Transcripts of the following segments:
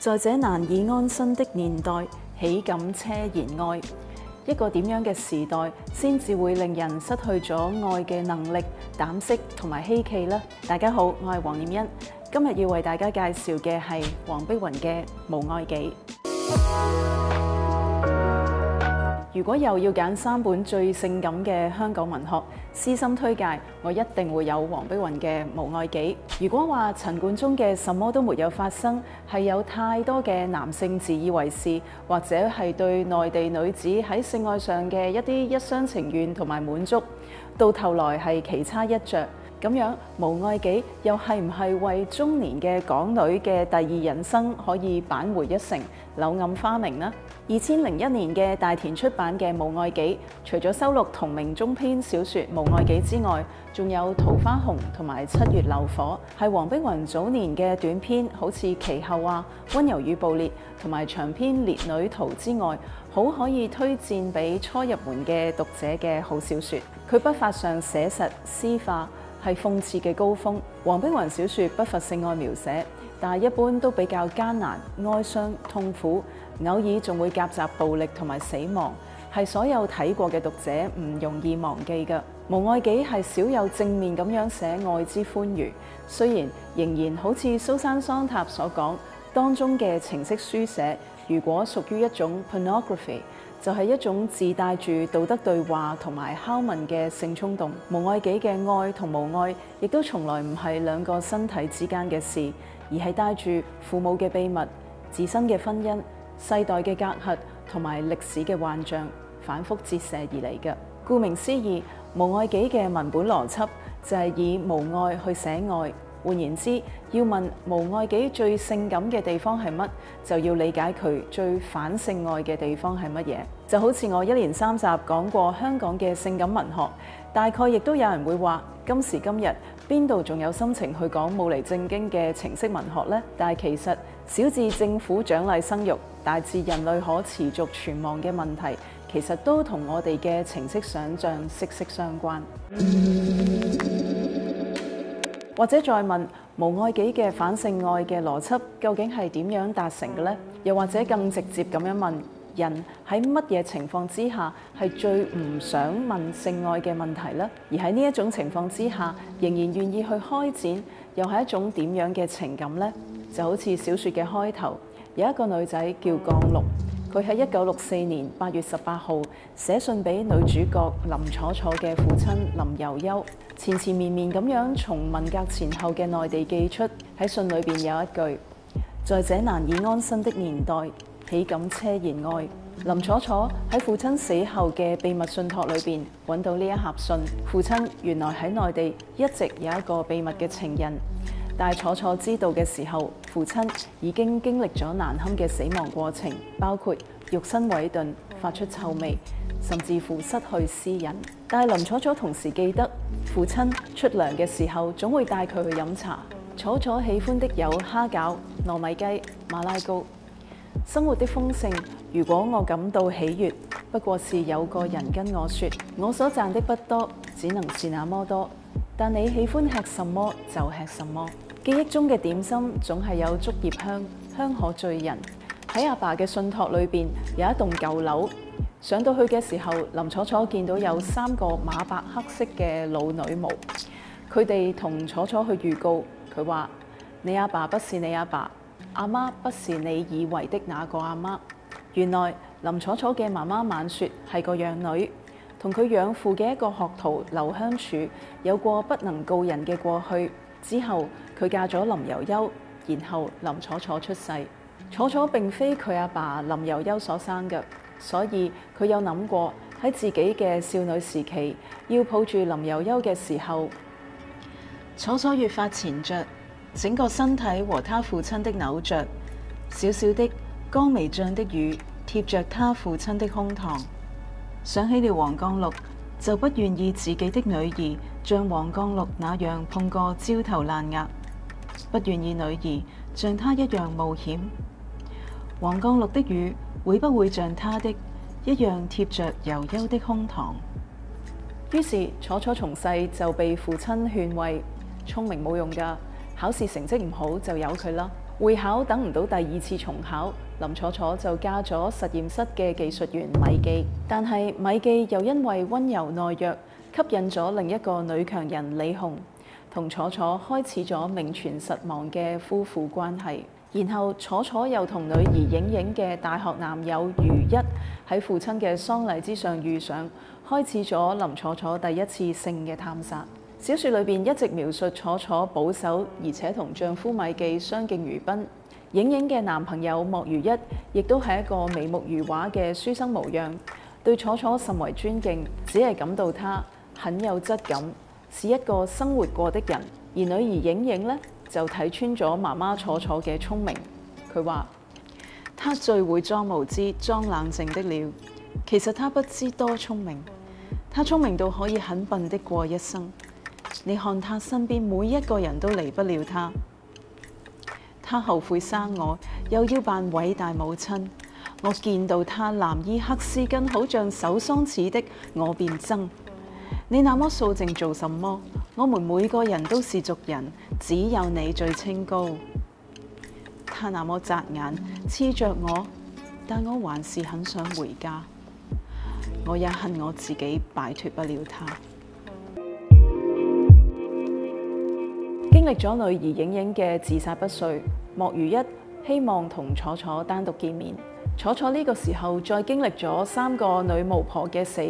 在這難以安身的年代，豈敢奢言愛？一個點樣嘅時代，先至會令人失去咗愛嘅能力、膽識同埋希冀呢？大家好，我係黃念欣，今日要為大家介紹嘅係黃碧雲嘅《無愛紀》。如果又要揀三本最性感嘅香港文學，私心推介，我一定會有黃碧雲嘅《無愛紀》。如果話陳冠中嘅《什麼都沒有發生》係有太多嘅男性自以為是，或者係對內地女子喺性愛上嘅一啲一廂情願同埋滿足，到頭來係棋差一着。咁樣《無愛紀》又係唔係為中年嘅港女嘅第二人生可以扳回一城？柳暗花明呢？二千零一年嘅大田出版嘅《無愛紀》，除咗收錄同名中篇小説《無愛紀》之外，仲有《桃花紅》同埋《七月流火》，係黃碧雲早年嘅短篇，好似其後啊，温柔與暴烈，同埋長篇《烈女圖》之外，好可以推薦俾初入門嘅讀者嘅好小説。佢筆法上寫實、詩化。係諷刺嘅高峰。黃碧雲小説不乏性愛描寫，但係一般都比較艱難、哀傷、痛苦，偶爾仲會夾雜暴力同埋死亡，係所有睇過嘅讀者唔容易忘記嘅。無愛紀係少有正面咁樣寫愛之歡愉。雖然仍然好似蘇珊桑塔所講。當中嘅情色書寫，如果屬於一種 pornography，就係一種自帶住道德對話同埋拷問嘅性衝動。無愛紀嘅愛同無愛，亦都從來唔係兩個身體之間嘅事，而係帶住父母嘅秘密、自身嘅婚姻、世代嘅隔閡同埋歷史嘅幻象，反覆折射而嚟嘅。顧名思義，無愛紀嘅文本邏輯就係、是、以無愛去寫愛。換言之，要問無愛紀最性感嘅地方係乜，就要理解佢最反性愛嘅地方係乜嘢。就好似我一連三集講過香港嘅性感文學，大概亦都有人會話今時今日邊度仲有心情去講冇厘正經嘅情色文學呢？但係其實小至政府獎勵生育，大至人類可持續存亡嘅問題，其實都同我哋嘅情色想像息息相關。 或者再問無愛紀嘅反性愛嘅邏輯，究竟係點樣達成嘅呢？又或者更直接咁樣問，人喺乜嘢情況之下係最唔想問性愛嘅問題呢？而喺呢一種情況之下，仍然願意去開展，又係一種點樣嘅情感呢？就好似小説嘅開頭，有一個女仔叫江綠。佢喺一九六四年八月十八號寫信俾女主角林楚楚嘅父親林尤悠，纏纏綿綿咁樣從文革前後嘅內地寄出。喺信裏邊有一句，在這難以安身的年代，豈敢奢言愛。林楚楚喺父親死後嘅秘密信託裏邊揾到呢一盒信，父親原來喺內地一直有一個秘密嘅情人。但楚楚知道嘅時候，父親已經經歷咗難堪嘅死亡過程，包括肉身委頓、發出臭味，甚至乎失去私隱。但林楚楚同時記得，父親出糧嘅時候總會帶佢去飲茶。楚楚喜歡的有蝦餃、糯米雞、馬拉糕。生活的豐盛，如果我感到喜悅，不過是有個人跟我說：我所賺的不多，只能是那麼多。但你喜歡吃什麼就吃什麼。記憶中嘅點心總係有竹葉香，香可醉人。喺阿爸嘅信託裏邊，有一棟舊樓。上到去嘅時候，林楚楚見到有三個馬白黑色嘅老女巫。佢哋同楚楚去預告，佢話：你阿爸，爸不是你阿爸，爸，阿媽，媽不是你以為的那個阿媽，媽。原來林楚楚嘅媽媽晚雪係個養女，同佢養父嘅一個學徒劉香柱有過不能告人嘅過去。之後，佢嫁咗林尤優，然後林楚楚出世。楚楚並非佢阿爸林尤優所生嘅，所以佢有諗過喺自己嘅少女時期，要抱住林尤優嘅時候，楚楚越發纏着，整個身體和他父親的扭着，小小的光微脹的乳貼着他父親的胸膛。想起了黃光綠，就不願意自己的女兒。像黃光祿那樣碰過焦頭爛額，不願意女兒像他一樣冒險。黃光祿的雨會不會像他的一樣貼着柔柔的胸膛？於是楚楚從細就被父親勸慰：聰明冇用噶，考試成績唔好就由佢啦。會考等唔到第二次重考，林楚楚就嫁咗實驗室嘅技術員米記。但係米記又因為溫柔懦弱吸引咗另一個女強人李紅，同楚楚開始咗名存實亡嘅夫婦關係。然後楚楚又同女兒影影嘅大學男友如一喺父親嘅喪禮之上遇上，開始咗林楚楚第一次性嘅探殺。小説裏邊一直描述楚楚保守，而且同丈夫米記相敬如賓。影影嘅男朋友莫如一亦都係一個眉目如畫嘅書生模樣，對楚楚甚為尊敬，只係感到他很有質感，是一個生活過的人。而女兒影影呢，就睇穿咗媽媽楚楚嘅聰明。佢話：她最會裝無知、裝冷靜的了。其實她不知多聰明，她聰明到可以很笨的過一生。你看她身邊每一個人都離不了她。她後悔生我，又要扮偉大母親。我見到她藍衣黑絲巾，好像守喪似的，我便憎。你那麼素靜做什麼？我們每個人都是俗人，只有你最清高。他那麼扎眼，黐着我，但我還是很想回家。我也恨我自己擺脱不了他。 經歷咗女兒影影嘅自殺不遂，莫如一希望同楚楚單獨見面。楚楚呢個時候再經歷咗三個女巫婆嘅死。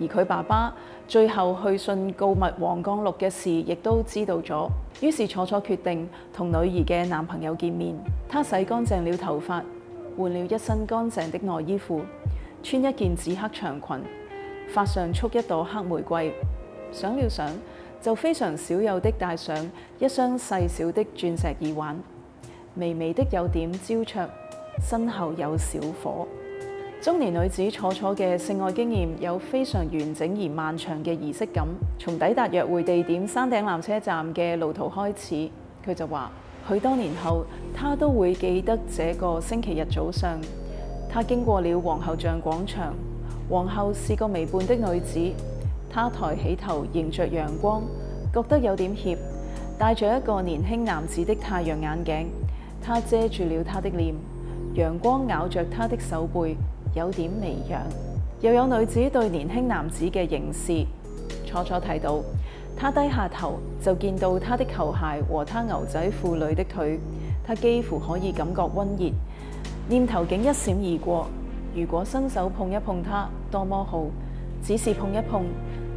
而佢爸爸最後去信告密黃光綠嘅事，亦都知道咗。於是楚楚決定同女兒嘅男朋友見面。她洗乾淨了頭髮，換了一身乾淨的內衣褲，穿一件紫黑長裙，髮上束一朵黑玫瑰。想了想，就非常少有的戴上一雙細小的鑽石耳環。微微的有點焦灼，身後有小火。中年女子楚楚嘅性愛經驗有非常完整而漫長嘅儀式感。從抵達約會地點山頂纜車站嘅路途開始，佢就話：許多年後，她都會記得這個星期日早上。她經過了皇后像廣場，皇后是個微胖的女子，她抬起頭迎着陽光，覺得有點怯，戴着一個年輕男子的太陽眼鏡，她遮住了她的臉。陽光咬着她的手背。有點微恙，又有女子對年輕男子嘅凝視。初初睇到，他低下頭就見到他的球鞋和他牛仔褲裏的腿，他幾乎可以感覺溫熱。念頭竟一閃而過。如果伸手碰一碰他，多麼好，只是碰一碰。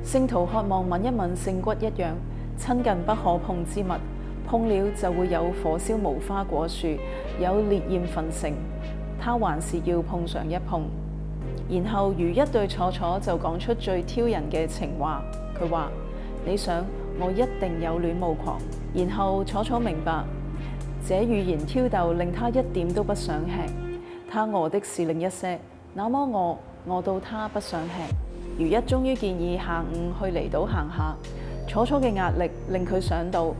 聖徒渴望吻一吻聖骨一樣親近不可碰之物，碰了就會有火燒無花果樹，有烈焰焚城。他還是要碰上一碰，然後如一對楚楚就講出最挑人嘅情話。佢話：你想，我一定有戀慕狂。然後楚楚明白，這語言挑逗令他一點都不想吃。他餓的是另一些，那麼餓餓到他不想吃。如一終於建議下午去離島行下。楚楚嘅壓力令佢想到。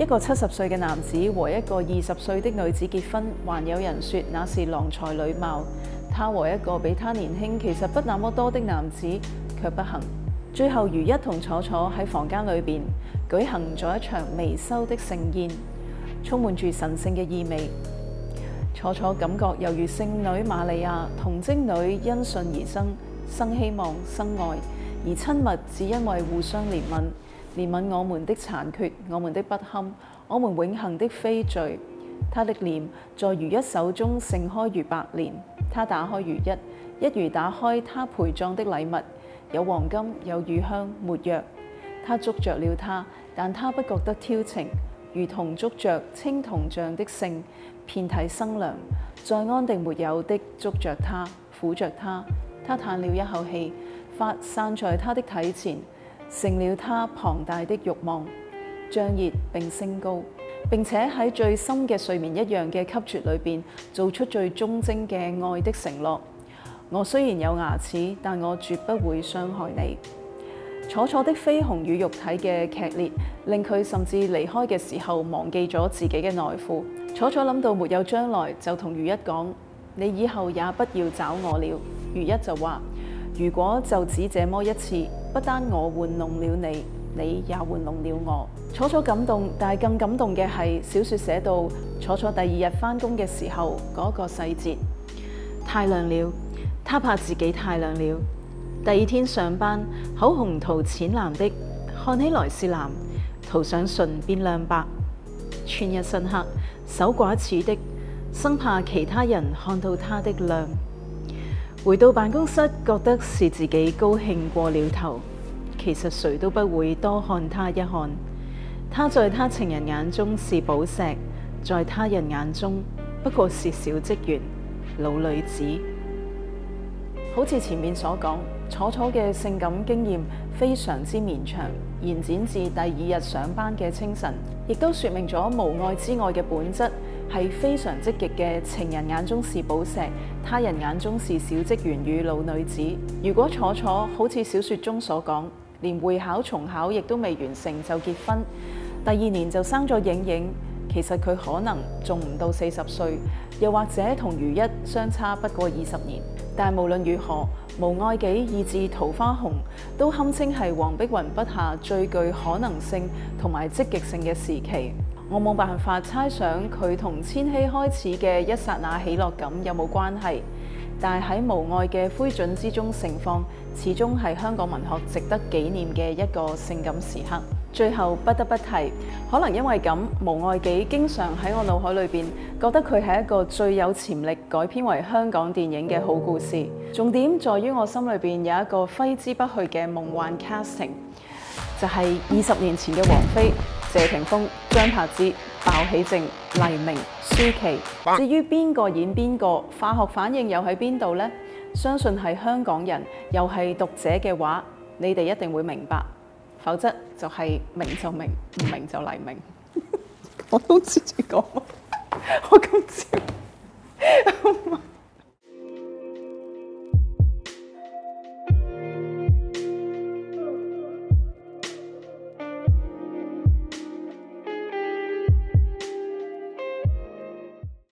一個七十歲嘅男子和一個二十歲的女子結婚，還有人說那是郎才女貌。他和一個比他年輕其實不那麼多的男子卻不幸，最後如一同楚楚喺房間裏邊舉行咗一場微修的聖宴，充滿住神聖嘅意味。楚楚感覺猶如聖女瑪利亞同貞女因信而生，生希望，生愛，而親密只因為互相憐憫。憐憫我們的殘缺，我們的不堪，我們永恆的非罪。他的臉在如一手中盛開如白蓮。他打開如一，一如打開他陪葬的禮物，有黃金，有乳香，沒藥。他捉着了他，但他不覺得挑情，如同捉着青銅像的聖，遍體生涼。再安定沒有的捉着他，撫着他，他嘆了一口氣，發散在他的體前。成了他龐大的慾望，脹熱並升高，並且喺最深嘅睡眠一樣嘅吸啜裏邊，做出最忠貞嘅愛的承諾。我雖然有牙齒，但我絕不會傷害你。楚楚的緋紅與肉體嘅劇烈，令佢甚至離開嘅時候忘記咗自己嘅內褲。楚楚諗到沒有將來，就同如一講：你以後也不要找我了。如一就話：如果就只這麼一次。不單我玩弄了你，你也玩弄了我。楚楚感動，但係更感動嘅係小説寫到楚楚第二日返工嘅時候嗰、那個細節，太亮了，他怕自己太亮了。第二天上班，口紅塗淺藍的，看起來是藍，塗上唇變亮白，穿一身黑，守寡似的，生怕其他人看到他的亮。回到辦公室，覺得是自己高興過了頭。其實誰都不會多看他一看。他在他情人眼中是寶石，在他人眼中不過是小職員、老女子。好似前面所講，楚楚嘅性感經驗非常之綿長，延展至第二日上班嘅清晨，亦都說明咗無愛之愛嘅本質。係非常積極嘅，情人眼中是寶石，他人眼中是小職員與老女子。如果楚楚好似小説中所講，連會考重考亦都未完成就結婚，第二年就生咗影影，其實佢可能仲唔到四十歲，又或者同如一相差不過二十年。但無論如何，無愛紀以至桃花紅，都堪稱係黃碧雲筆下最具可能性同埋積極性嘅時期。我冇辦法猜想佢同千禧開始嘅一剎那起落感有冇關係，但係喺無愛嘅灰燼之中盛放，始終係香港文學值得紀念嘅一個性感時刻。最後不得不提，可能因為咁，無愛紀經常喺我腦海裏邊覺得佢係一個最有潛力改編為香港電影嘅好故事。重點在於我心裏邊有一個揮之不去嘅夢幻 casting，就係二十年前嘅王菲。謝霆鋒、張柏芝、鮑起靜、黎明、舒淇。哇至於邊個演邊個，化學反應又喺邊度呢？相信係香港人又係讀者嘅話，你哋一定會明白。否則就係明就明，唔明就黎明。 我都知住講，我咁知。